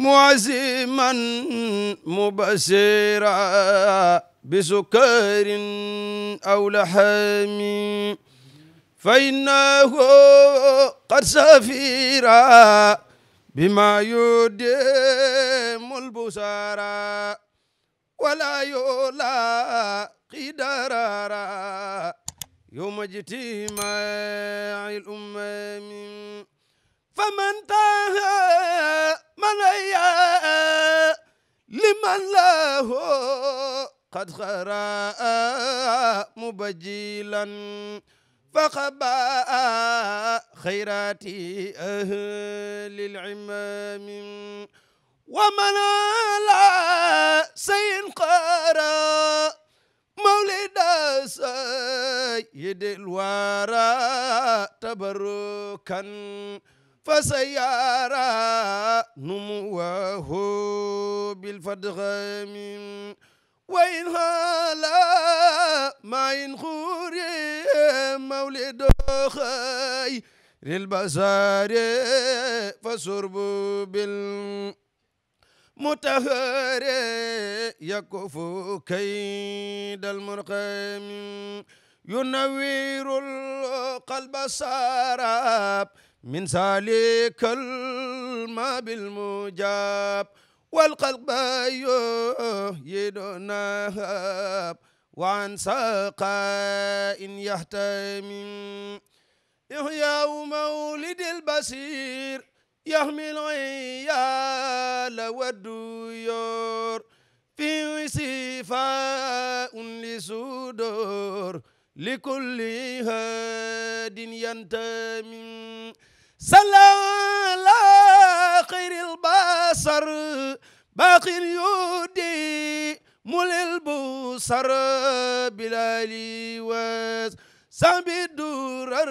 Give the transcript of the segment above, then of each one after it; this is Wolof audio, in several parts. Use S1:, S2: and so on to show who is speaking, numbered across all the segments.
S1: معزما مبشرا بسكر أو لحم فإنه قد سفيرا بما يديم البصارا ولا يلاقي درارا يوم اجتماع الأمم فمن تاه منايا لمن له قد خرا مبجلا فخبا خيرات أهل العمام ومن على سين قرا مولد سيد الورى تبركا فسيرى نموه بالفدغم وإن هلا ما إن خوري مولد خير البزار فسرب بالمتهر يكف كيد المرقم ينوير القلب سراب من سالك الما بالمجاب والقلب يدنهب وعن سقاء يحتمي إحياء مولد البصير يحمل عيال والديور في صفاء لصدور لكل هاد ينتمي salaam ala xayril basar baqin yudi mulil busar bilali was sambi durar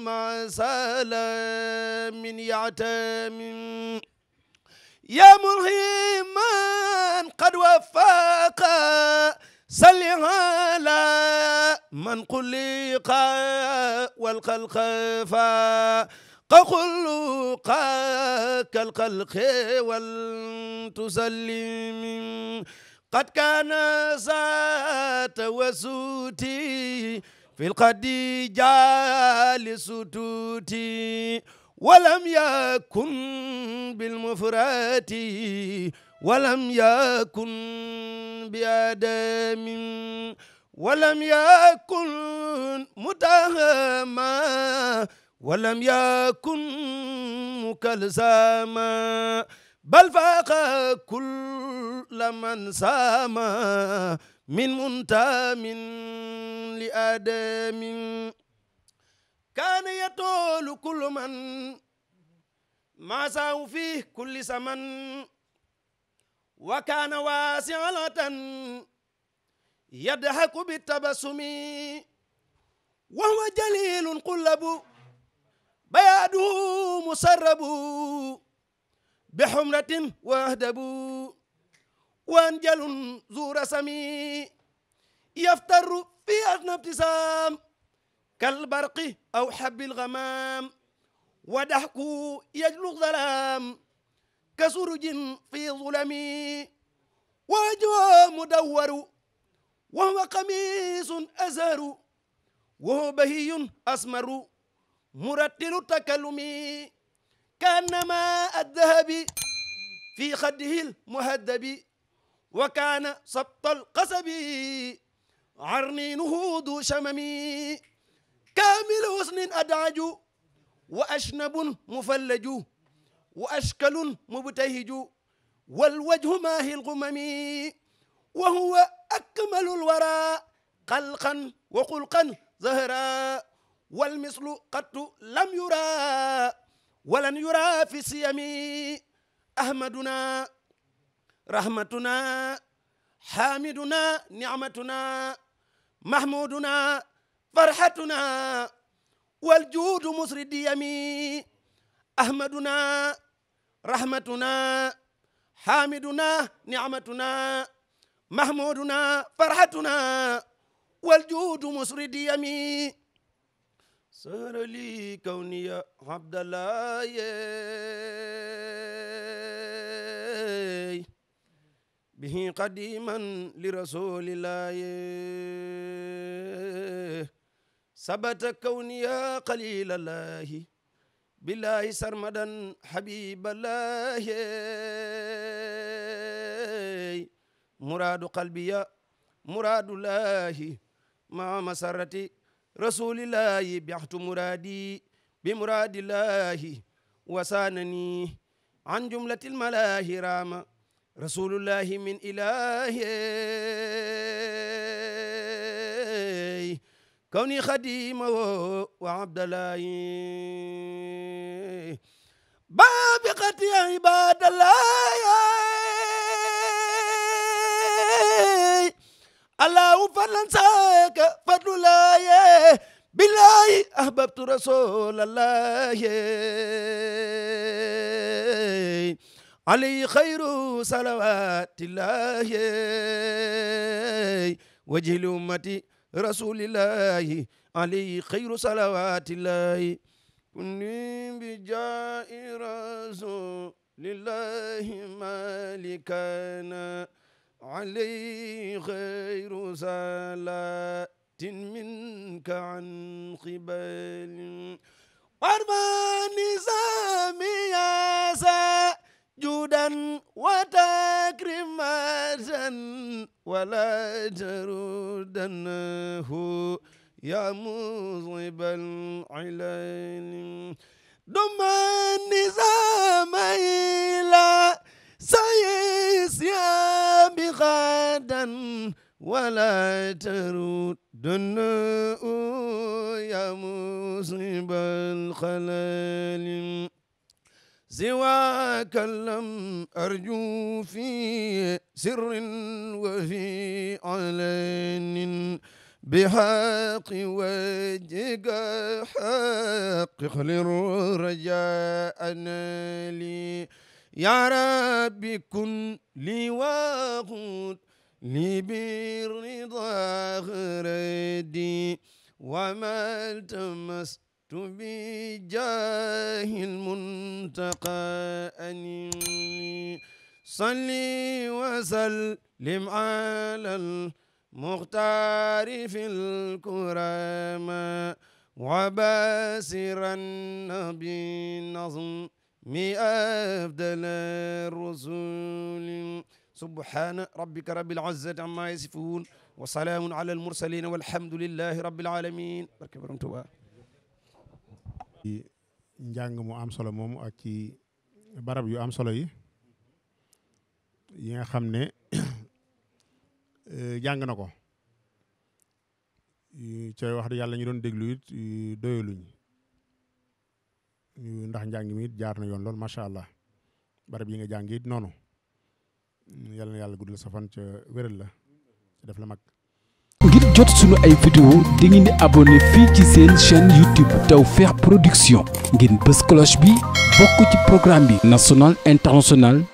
S1: masalamin yatamin ya mulhiman qad wafaqa salli ala man quliqa wal xalqa fa خلقك الخلق والتسلم قد كان ذات وسوتي في القد جالس توتي ولم يكن بالمفرات ولم يكن بآدم ولم يكن متهما ولم يكن مكلزاما بل فاق كل من ساما من منتام لآدم كان يطول كل من ما ساه فيه كل زمن وكان واسعة يضحك بالتبسم وهو جليل قلب bayaadu musarrabu bi humratin wahdabu wanjalun zura sami yaftaru fi asnabtisam kalbarqi aw habbil ghamam wa dahku yajlu zalam kasurujin fi zulami wajhu mudawwaru wa huwa qamisun azharu wa huwa bahiyun asmaru مرتل التكلم كان ماء الذهب في خده المهذب وكان سبط القصب عرنينه ذو شمم كامل حسن أدعج وأشنب مفلج وأشكل مبتهج والوجه ماهي الغمم وهو أكمل الورى خلقا وخلقا زهرا wal mislu qattu lam yura walan yura fi siyami ahmaduna rahmatuna hamiduna ni'matuna mahmuduna farhatuna wal juudu musridiyami ahmaduna rahmatuna hamiduna ni'matuna mahmuduna farhatuna wal juudu musridiyami sara li kawniya abdallah yeey bihi qadiman li rasulillah yeey sabata kawniya qalilalahi billahi sarmadan habiballah yeey muradu qalbiya muradu lahi ma masarati rasulillahi bixtu muraadi bi muraadillahi wasaanani an jumlatil malaahi raama rasulullahi min ilaahi kawni xadimahu wa abdallahi baabi qati ibadallahi allahu fadlan saaka fadlulaaye bilaayi ahbabtu rasulallaaye alayhi xayru salawatillaaye wajhil ummati rasulillaahi alayhi xayru salawatillaahi kunni bi jaa'i rasulillahi malikana عليه غير صلاة منك عن قبل وارفع نسامي يا سجدا وتكريما ولا تردنه يا مصيب العلل دم النسام إلى سيس يا بغدا ولا تردن يا مصيب الخلال سواك لم أرجو في سر وفي علن بحق وجهك حقق للرجاء لي يا رب كن لي وقود لي بالرضا غردي وما التمست بجاه المنتقى أني صلي وسلم على المختار في الكرامة وباسرا بالنظم mi afdal rusuli subhana rabbika rabbil izzati amma yasifun wa salaamun ala al mursalin walhamdulillahi rabbil alamin barke borom Tuuba mu am solo moomu ak ci barab yu am solo yi yi nga xam ne eh, jàng na ko cooy wax di yàlla ñu doon déglu it doyaluñ ndax njàng mi jaar na yoon lool macha allah barab yi nga jàng it noonu yàlla na yàlla guddal sa fan ca wéral la ca def la mag. ngir jot sunu ay vidéo di ngeen di abonné fii ci seen chaîne YouTube Tawfekh Production ngeen bës cloche bi bokk ci programme bi national international.